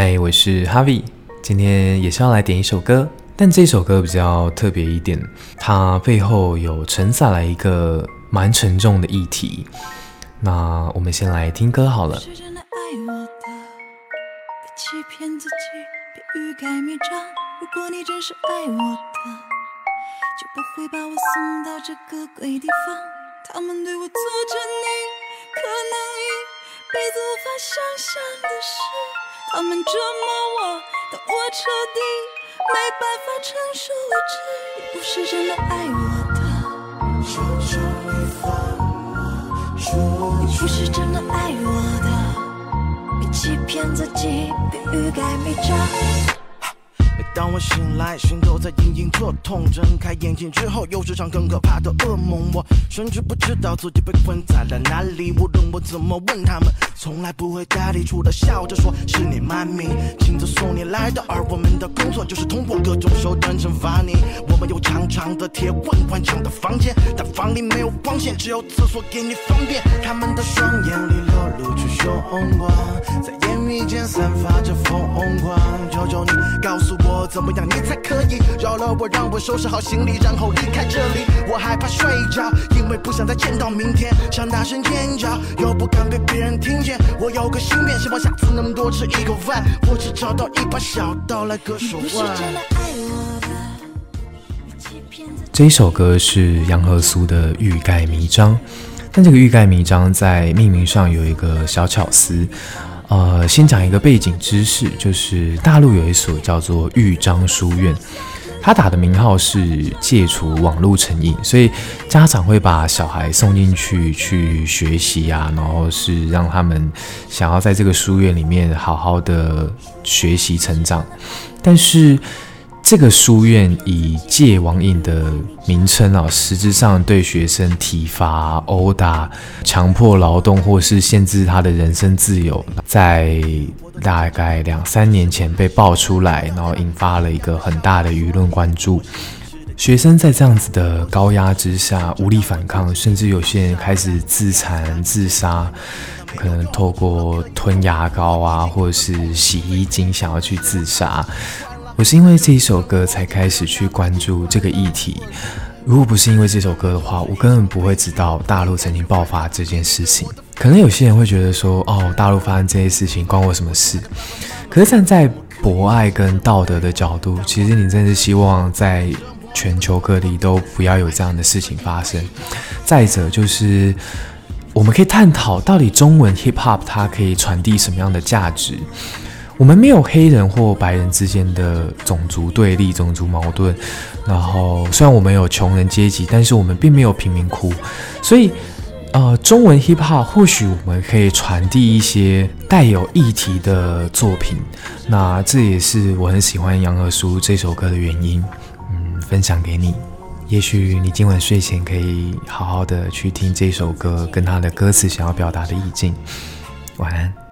嗨，Hi，我是 Harvie，今天也是要來點一首歌，但這首歌比較特別一點，它背後有承載了一個蠻沉重的議題。那我們先來聽歌好了。他們折磨我，但我徹底沒辦法承受。我知你不是真的愛我的，你不是真的愛我的，別欺騙自己，別慾蓋彌彰。當我醒來，心都在隱隱作痛。睜開眼睛之後，又是場更可怕的噩夢。我甚至不知道自己被困在了哪裡。無論我怎麼問他們，從來不會搭理，除了笑着說：“是你媽咪親自送你來的。”而我們的工作就是通過各種手段懲罰你。我們有長長的鐵棍，寬敞的房間，但房裡沒有光線，只有廁所給你方便。他們的雙眼裡流露出凶光，在言語間散發着瘋狂。求求你，告訴我。怎麼樣你才可以饒了我，讓我收拾好行李，然後離開這裡。我害怕睡著，因為不想再見到明天，想大聲尖叫又不敢被別人聽見，我有個心願，希望下次能多吃一口飯，或者找到一把小刀來割手腕。這一首歌是楊和蘇的《欲蓋彌彰》，但這個“欲蓋彌彰”在命名上有一個小巧思。呃，先講一個背景知識，就是大陸有一所叫做豫章書院，它打的名號是戒除網絡成癮，所以家長會把小孩送進去去學習啊，然後是讓他們想要在這個書院裡面好好的學習成長，但是。這個書院以戒網癮的名稱啊，實質上對學生體罰、毆打、強迫勞動或是限制他的人身自由，在大概兩三年前被爆出來，然後引發了一個很大的輿論關注。學生在這樣子的高壓之下無力反抗，甚至有些人開始自殘、自殺，可能透過吞牙膏啊，或是洗衣精，想要去自殺。我是因為這一首歌才開始去關注這個議題。如果不是因為這首歌的話，我根本不會知道大陸曾經爆發這件事情。可能有些人會覺得說：“哦，大陸發生這些事情關我什麼事？”可是站在博愛跟道德的角度，其實你真是希望在全球各地都不要有這樣的事情發生。再者，就是我們可以探討到底中文 hip hop 它可以傳遞什麼樣的價值。我們沒有黑人或白人之間的種族對立、種族矛盾。然後，雖然我們有窮人階級，但是我們並沒有貧民窟。所以，呃，中文 hip hop 或許我們可以傳遞一些帶有議題的作品。那這也是我很喜歡楊和蘇這首歌的原因。嗯，分享給你。也許你今晚睡前可以好好的去聽這首歌跟他的歌詞想要表達的意境。晚安。